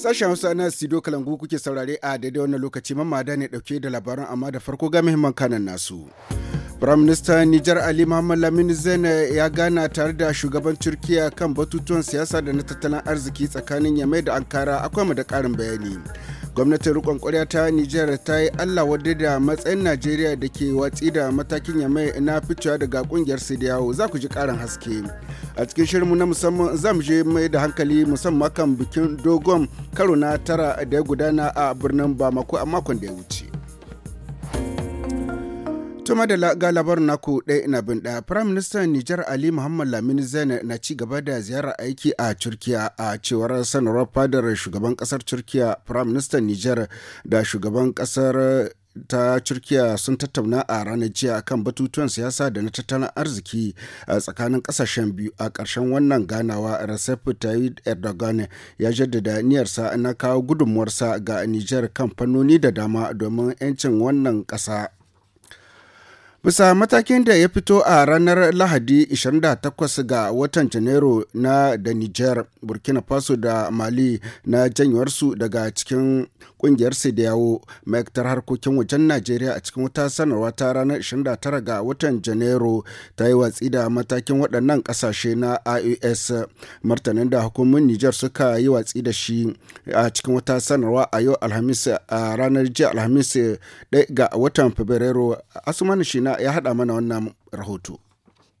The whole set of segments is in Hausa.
Sashen Hausa na Sido Kalangu kuke saurare a daidai wannan lokaci mamada ne dauke da labaran amma da farko ga muhimman kanan nasu. Minister Nijar Ali Muhammad Lamini Zene ya gana tare da shugaban Turkiya kan batutuwan siyasa da na tattalin arziki tsakanin Yamai da Ankara akwai mu da karin bayani. gwamnatin rikon kwarya ta nijar ta yi allah wadda da matsayin najeriya da ke watsi da matakin yamai na ficewa daga kungiyar sidiyawo za ku ji karin haske a cikin shirinmu na musamman za mu je mai da hankali musamman kan bikin dogon karo na tara da ya gudana a birnin bamako a makon da ya wuce Tuma da ga labarin naku ɗaya ina bin ɗaya. Firayim Ministan Nijar Ali Muhammad Lamini Zainab na ci gaba da ziyarar aiki a Turkiya a cewar sanarwar fadar shugaban ƙasar Turkiya Firayim Ministan Nijar da shugaban ƙasar ta turkiya sun tattauna a ranar jiya kan batutuwan siyasa da na tattalin arziki a tsakanin kasashen biyu a ƙarshen wannan ganawa recep tayyip erdogan ya jaddada niyarsa na kawo gudunmuwarsa ga Nijar kan fannoni da dama domin 'yancin wannan ƙasa Bisa matakin da ya fito a ranar Lahadi 28 ga watan Janairu na da Nijar, Burkina Faso da Mali na janyuwarsu daga cikin kungiyar yawo ma'aikatar harkokin wajen Najeriya a cikin wata sanarwa ta ranar 29 ga watan Janairu ta yi watsi da matakin waɗannan ƙasashe na IOS e martanin da hukumin Nijar suka yi watsi da shi a cikin wata sanarwa a yau Alhamis a ranar jiya Alhamis 1 ga watan Fabrairu Asumani shi na ya haɗa mana wannan rahoto.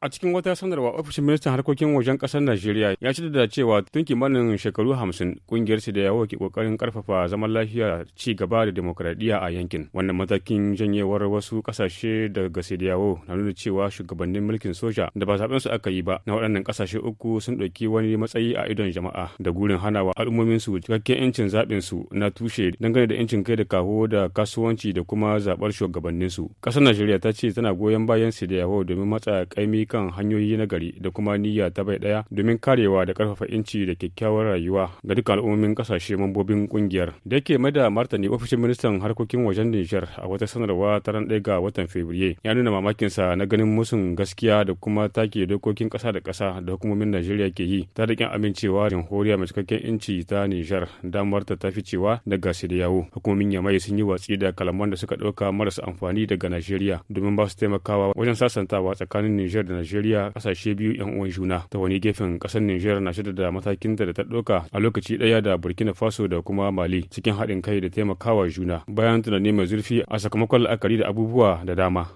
a cikin wata sanarwa ofishin ministan harkokin wajen kasar najeriya ya ci da cewa tun kimanin shekaru hamsin kungiyar su da yawo ke kokarin karfafa zaman lafiya ci gaba da demokradiyya a yankin wannan matakin janyewar wasu kasashe daga yawo na nuna cewa shugabannin mulkin soja da ba zaben su aka yi ba na waɗannan kasashe uku sun ɗauki wani matsayi a idon jama'a da gurin hanawa al'ummomin su cikakken yancin zaɓin su na tushe dangane da yancin kai da kawo da kasuwanci da kuma zaɓar shugabannin su ƙasar najeriya ta ce tana goyon bayan su da yawo domin matsa kaimi kan hanyoyi na gari da kuma niyya ta bai ɗaya domin karewa da karfafa inci da kyakkyawar rayuwa ga duka al'ummomin ƙasashe mambobin ƙungiyar. Da yake mai da martani ofishin ministan harkokin wajen Nijar a wata sanarwa ta ran ga watan Fabriye ya nuna mamakin sa na ganin musun gaskiya da kuma take dokokin ƙasa da ƙasa da hukumomin Najeriya ke yi ta da amincewa jamhuriya mai cikakken inci ta Nijar damar ta tafi cewa daga yawo hukumomin Yamai sun yi watsi da kalaman da suka ɗauka marasa amfani daga Najeriya domin ba su taimakawa wajen sasantawa tsakanin Nijar da Najeriya kasashe biyu yan uwan juna ta wani gefen kasar niger na shida da matakin da ta ɗauka a lokaci ɗaya da Burkina Faso da kuma Mali cikin haɗin kai da taimakawa juna bayan tunani mai zurfi a sakamakon la'akari da abubuwa da dama.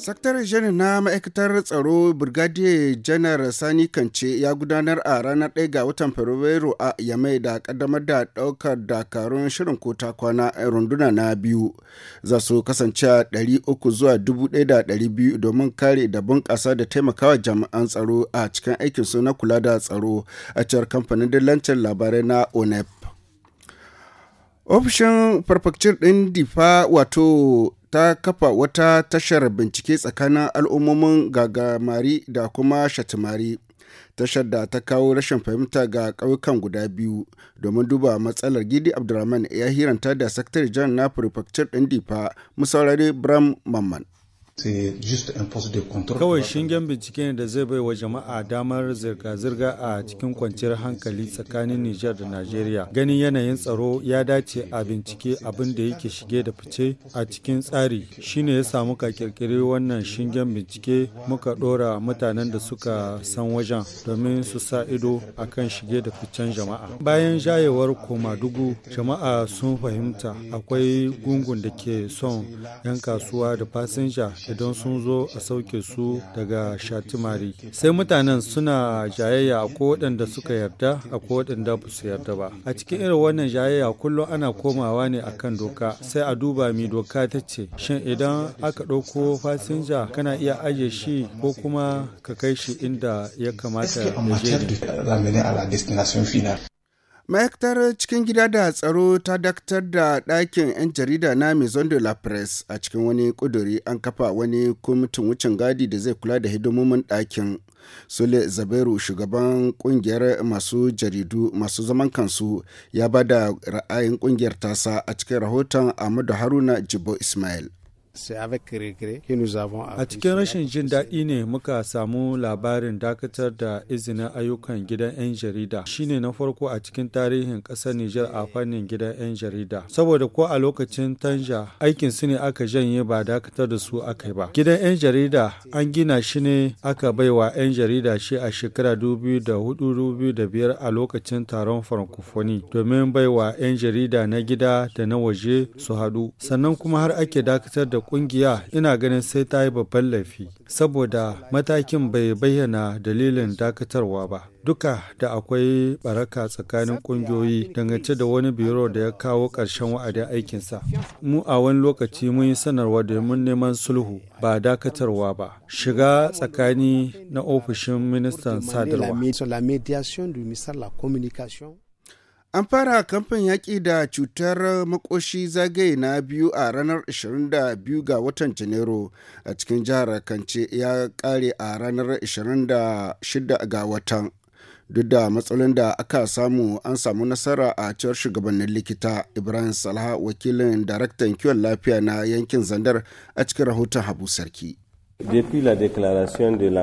Saktar janar na ma'aikatar tsaro Brigadier janar Sani Kance ya gudanar a ranar 1 ga watan Fabrairu a Yamai da kaddamar da daukar dakarun shirin kota kwana eh, runduna na biyu. Za su kasance 300 zuwa 1,200 domin kare da bunƙasa da taimakawa jami'an tsaro a cikin aikinsu na kula da tsaro a cikin kamfanin dillancin labarai na ONEP. ofishin farfakcin ɗin difa wato ta kafa wata tashar bincike tsakanin al'ummomin gagamari da kuma shatimari tashar da ta kawo rashin fahimta ga ƙauyukan guda biyu domin duba matsalar gidi abdulrahman ya hiranta da sakatare jan na farfakcin ɗin difa musaurari bram mamman Kawai shingen bincike da zai bai wa jama'a damar zirga-zirga a cikin kwanciyar hankali tsakanin Nijar da Najeriya. Ganin yanayin tsaro ya dace a bincike abin da yake shige da fice a cikin tsari shine ya samu ka kirkiri wannan shingen bincike muka dora mutanen da suka san wajen domin su sa ido a kan shige da ficen jama'a. Bayan jayewar Komadugu, jama'a sun fahimta akwai gungun da ke son 'yan kasuwa da fasinja idan sun zo a sauke su daga shatimari sai mutanen suna jayayya ko waɗanda suka yarda a ko waɗanda ba su yarda ba a cikin irin wannan jayayya kullum ana komawa ne a kan doka sai a duba mi doka ta ce shin idan aka ɗauko fasinja kana iya aje shi ko kuma ka kai shi inda ya kamata ya je ma'aikatar cikin gida da tsaro ta daktar da ɗakin 'yan jarida na maison de la presse a cikin wani ƙuduri an kafa wani kwamitin wucin gadi da zai kula da hidimomin ɗakin sule zaberu shugaban kungiyar masu jaridu masu zaman kansu ya bada ra'ayin ƙungiyar tasa a cikin rahoton ahmadu haruna jibo ismail A cikin rashin jin daɗi ne muka samu labarin dakatar da izinin ayyukan gidan 'yan jarida shine na farko a cikin tarihin ƙasar Nijar a fannin gidan 'yan jarida. Saboda ko a lokacin Tanja aikin su ne aka janye ba dakatar da su aka yi ba. Gidan 'yan jarida an gina shi ne aka baiwa 'yan jarida shi a shekara 2004-2005 a lokacin taron farkofoni domin baiwa 'yan jarida na gida da na waje su haɗu. Sannan kuma har ake dakatar da da kungiya ina ganin sai ta yi babban laifi saboda matakin bai bayyana dalilin dakatarwa ba duka da akwai baraka tsakanin kungiyoyi dangance da wani biro da ya kawo ƙarshen wa'adin aikinsa mu a wani lokaci mun yi sanarwa mun neman sulhu ba dakatarwa ba shiga tsakani na ofishin ministan sadarwa An fara kamfan yaƙi da cutar makoshi zagaye na biyu a ranar 22 ga watan Janairu a cikin jihar Kance ya ƙare a ranar 26 ga watan. Duk da matsalolin da aka samu an samu nasara a cewar shugabannin likita Ibrahim Salha wakilin daraktan kiwon lafiya na yankin Zandar a cikin rahoton Habu Sarki.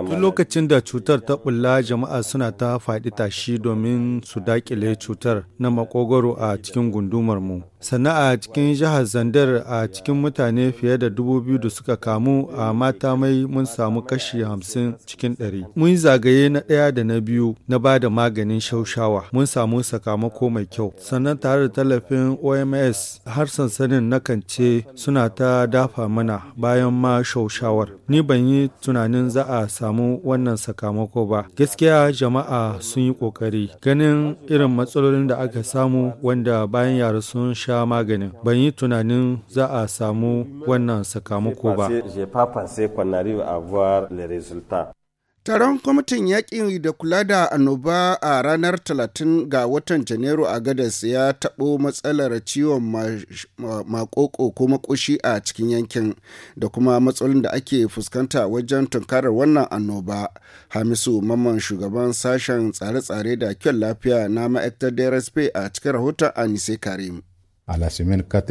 Tun lokacin da cutar ta bulla jama'a suna ta faɗi tashi domin su daƙile cutar na makogoro a cikin gundumar mu. Sannan a cikin jihar Zandar a cikin mutane fiye da dubu biyu da suka kamu a mata mai mun samu kashi hamsin cikin ɗari. Mun zagaye na ɗaya da na biyu na ba da maganin shaushawa. Mun samu sakamako mai kyau. Sannan tare da tallafin OMS har sansanin na kance suna ta dafa mana bayan ma shaushawar. Ni ban yi tunanin za a samu wannan sakamako ba. Gaskiya jama'a sun yi ƙoƙari ganin irin matsalolin da aka samu wanda bayan yara sun sha maganin. Ban yi tunanin za a samu wannan sakamako ba. Taron kwamitin yaƙin da kula da annoba a ranar 30 ga watan Janairu a Gadas ya taɓo matsalar ciwon makoko ko makoshi a cikin yankin da kuma matsalolin da ake fuskanta wajen tunkarar wannan annoba. Hamisu Mamman shugaban sashen tsare-tsare da kyan lafiya na ma'aikatar DRSP a cikin rahoton Anise Karim.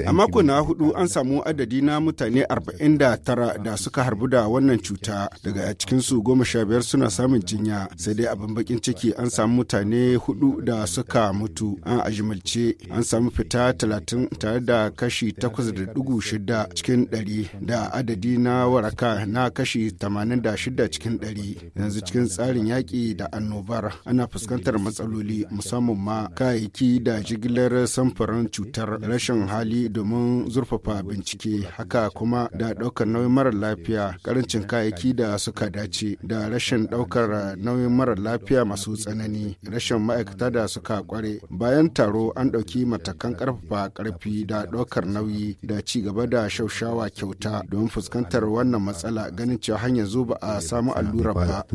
A mako na hudu an samu adadi na mutane 49 da suka harbu da wannan cuta daga cikinsu goma sha biyar suna samun jinya sai dai abin bakin ciki an samu mutane hudu da suka mutu an ajimalce an samu fita 30 tare da kashi 8.6 cikin 100 da adadi na waraka na kashi 86 cikin 100 yanzu cikin tsarin yaƙi da annobar ana fuskantar matsaloli musamman ma kayayyaki da jigilar samfuran cutar rashin hali domin zurfafa bincike haka kuma da ɗaukar nauyin mara lafiya karancin kayayyaki da suka dace da rashin ɗaukar nauyin mara lafiya masu tsanani rashin ma'aikata da suka kware bayan taro an ɗauki matakan karfafa karfi da ɗaukar nauyi da ci gaba da shaushawa kyauta don fuskantar wannan matsala ganin cewa hanyar zuba a samu allurar ba.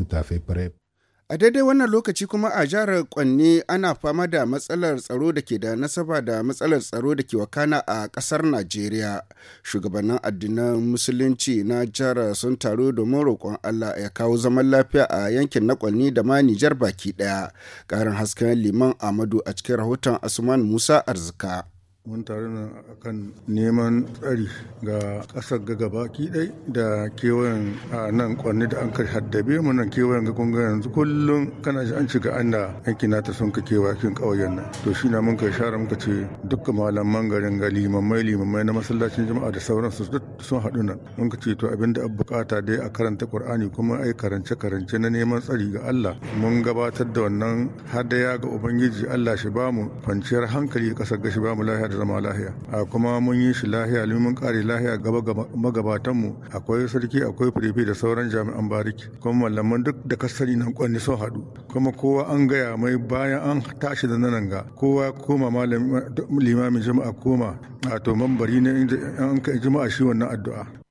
A daidai wannan lokaci kuma a jihar Kwanne ana fama da matsalar tsaro da ke da nasaba da matsalar tsaro da ke wakana a ƙasar Najeriya. Shugabannin addinan Musulunci na jihar sun taru domin roƙon Allah ya kawo zaman lafiya a yankin na Kwanne da ma Nijar baki ɗaya. Ƙarin hasken Liman Amadu a cikin rahoton Asuman Musa Arzika. mun tare nan akan neman tsari ga ƙasar ga gabaki ɗai da kewayen a nan kwanne da an kai haddabe mu nan kewayen ga kunga yanzu kullum kana ji an shiga an da yanki na ta sun ka kewakin ƙauyen nan to shi na mun kai share muka ce dukkan malaman garin ga limamai limamai na masallacin jama'a da sauransu sun haɗu nan mun ka ce to abinda an bukata dai a karanta qur'ani kuma ai karance karance na neman tsari ga Allah mun gabatar da wannan hadaya ga ubangiji Allah shi bamu kwanciyar hankali ƙasar ga shi bamu lafiya da zama lahiya a kuma mun yi shi lahiya mun kare lahiya gaba magabatan mu akwai sarki akwai firifi da sauran jami'an bariki kuma malaman duk da kasari nan kwanni sun hadu. kuma kowa an gaya mai bayan an tashi da nan ga kowa koma limamin jama'a koma a to mambari ne an kai jama'a shi wannan addu'a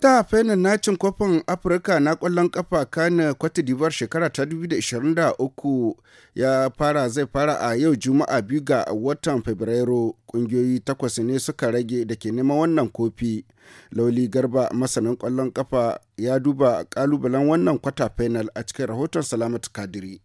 kwata fenin nacin kofin afirka na kwallon kafa kana kwata divar shekara ta 2023 ya fara zai fara a yau juma'a biyu ga watan fabrairu kungiyoyi takwas ne suka rage da ke neman wannan kofi lauli garba masanin kwallon kafa ya duba kalubalen wannan kwata fainal a cikin rahoton salamat kadiri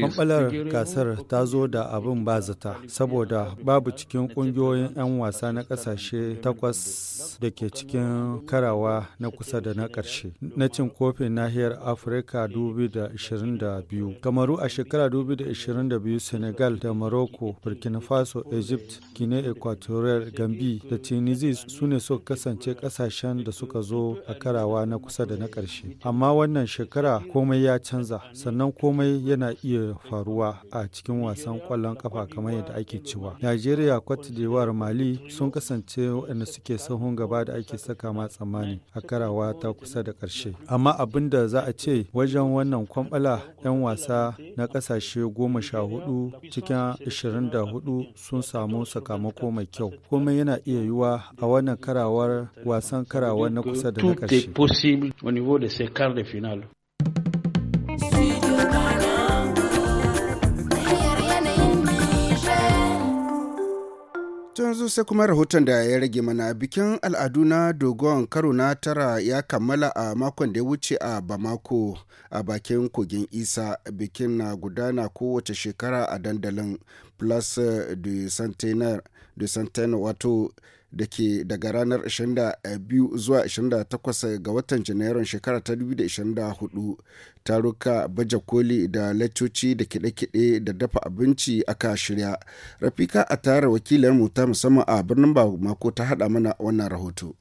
kwamfalar gasar ta zo da abin ba zata saboda babu cikin ƙungiyoyin 'yan wasa na kasashe takwas da ke cikin karawa na kusa da na ƙarshe. Na cin kofin nahiyar Afirka 2022. Kamaru a shekara 2022 Senegal da Morocco, Burkina Faso, Egypt, Guinea Equatorial, Gambi da Tunisia su ne suka kasance ƙasashen da suka zo a karawa na kusa da na ƙarshe. Amma wannan shekara komai ya canza sannan nan komai yana iya faruwa a cikin wasan kwallon kafa kamar yadda ake cewa. Najeriya, Cote d'Ivoire, Mali sun kasance waɗanda suke sahun gaba da ake saka ma tsammani a karawa ta kusa da karshe Amma abin da za a ce wajen wannan kwambala 'yan wasa na kasashe goma sha hudu cikin ashirin da hudu sun samu sakamako mai kyau. Komai yana iya yiwa a wannan karawar wasan karawar na kusa da na ƙarshe. yanzu sai kuma rahoton da ya rage mana bikin al'adu na dogon karo na tara ya kammala a makon da ya wuce a bamako a bakin kogin isa bikin na gudana kowace shekara a dandalin plus du centenaire wato da ke daga ranar 22 zuwa 28 ga watan janairun shekara ta 2024 taruka baje koli da laccoci da kide-kide da dafa abinci aka shirya rafika a tara wakilar mu ta musamman a birnin mako ta hada mana wannan rahoto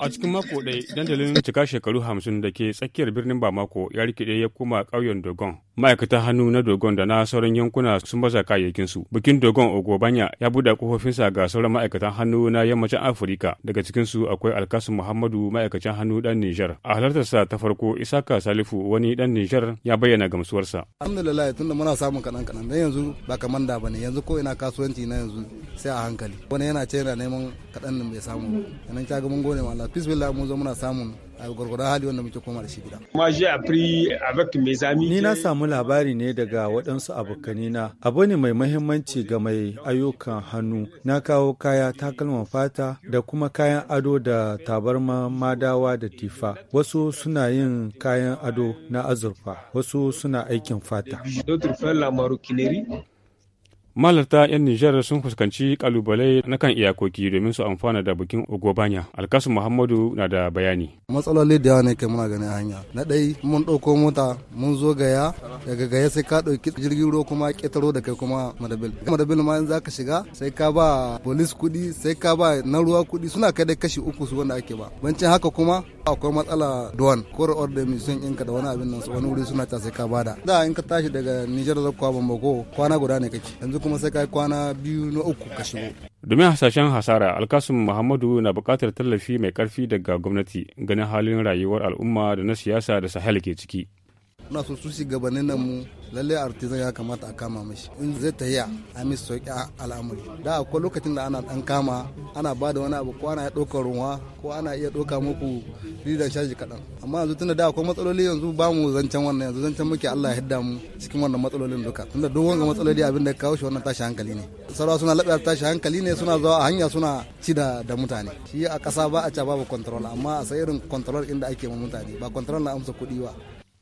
A cikin mako ɗaya dandalin cika shekaru hamsin da ke tsakiyar birnin Bamako ya rikide ya koma ƙauyen Dogon. Ma'aikatan hannu na Dogon da na sauran yankuna sun baza kayayyakinsu. Bikin Dogon Ogobanya ya buɗe kofofinsa ga sauran ma'aikatan hannu na yammacin Afirka. Daga cikinsu akwai Alkasu Muhammadu ma'aikacin hannu dan Nijar. A halartarsa ta farko Isaka Salifu wani ɗan Nijar ya bayyana gamsuwarsa. Alhamdulillah tunda muna samun kaɗan kaɗan dan yanzu ba kamar da bane yanzu ko ina kasuwanci na yanzu sai a hankali. Wani yana ce yana neman kaɗan ne bai samu. samu nan ta ga mun gode ma Allah bismillah mun zo muna samun a gwargwadon hali wanda muke koma da shi gida. Ni na samu labari ne daga waɗansu na Abu ne mai mahimmanci ga mai ayyukan hannu. Na kawo kaya takalman fata da kuma kayan ado da tabarma madawa da tifa. Wasu suna yin kayan ado na azurfa, wasu suna aikin fata. malarta 'yan nijar sun fuskanci kalubale na kan iyakoki domin su amfana da bikin ogobanya alkasu muhammadu na da bayani matsaloli da yawa ne ke muna gani hanya na dai mun ɗauko mota mun zo gaya daga gaya sai ka ɗauki jirgin ruwa kuma ƙetaro da kai kuma madabil madabil ma in za ka shiga sai ka ba polis kuɗi sai ka ba na ruwa kuɗi suna kai da kashi uku su wanda ake ba bancin haka kuma akwai matsala duwan kore order da son ɗinka da wani abin nan wani wuri suna ta sai ka bada da in ka tashi daga nijar zakwa bambako kwana guda ne kake yanzu kuma sai kai kwana biyu na uku ka shigo domin hasashen hasara alkasum muhammadu na bukatar tallafi mai ƙarfi daga gwamnati ganin halin rayuwar al'umma da na siyasa da sahel ke ciki muna so su shugabannin nan mu lalle artisan ya kamata a kama mashi in zai yi a mis sauki al'amari da akwai lokacin da ana dan kama ana ba da wani abu ko ana ɗaukar ruwa ko ana iya ɗauka muku ridan shaji kaɗan amma yanzu tunda da akwai matsaloli yanzu ba mu zancen wannan yanzu zancen muke Allah ya hidda mu cikin wannan matsalolin duka tunda duk wanga matsaloli abin da kawo shi wannan tashi hankali ne sarwa suna laɓe tashi hankali ne suna zuwa a hanya suna ci da da mutane shi a ƙasa ba a ca babu control amma a sai irin control inda ake ma mutane ba control na amsa kuɗi ba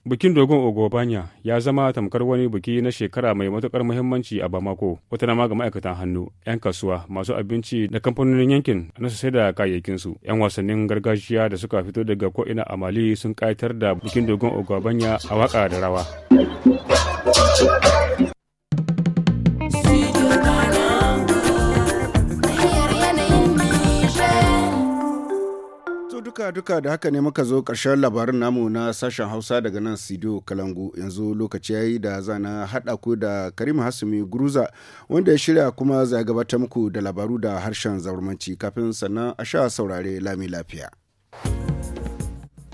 Bikin Dogon Ogobanya ya zama tamkar wani biki na shekara mai matukar muhimmanci a Bamako, wata nama ga ma'aikatan hannu, 'yan kasuwa, masu abinci da kamfanonin yankin na su saida kayayyakin kayayyakinsu. 'Yan wasannin gargajiya da suka fito daga ko'ina a Mali sun ƙayatar da bikin Dogon Ogobanya a waka da rawa. duka duka da haka ne muka zo ƙarshen labarin namu na sashen hausa daga nan sidiyo kalangu yanzu lokaci ya yi da zana haɗa ku da karim hasumi guruza wanda ya shirya kuma zai gabatar muku da labaru da harshen zaurmanci kafin sannan a sha saurare lami lafiya.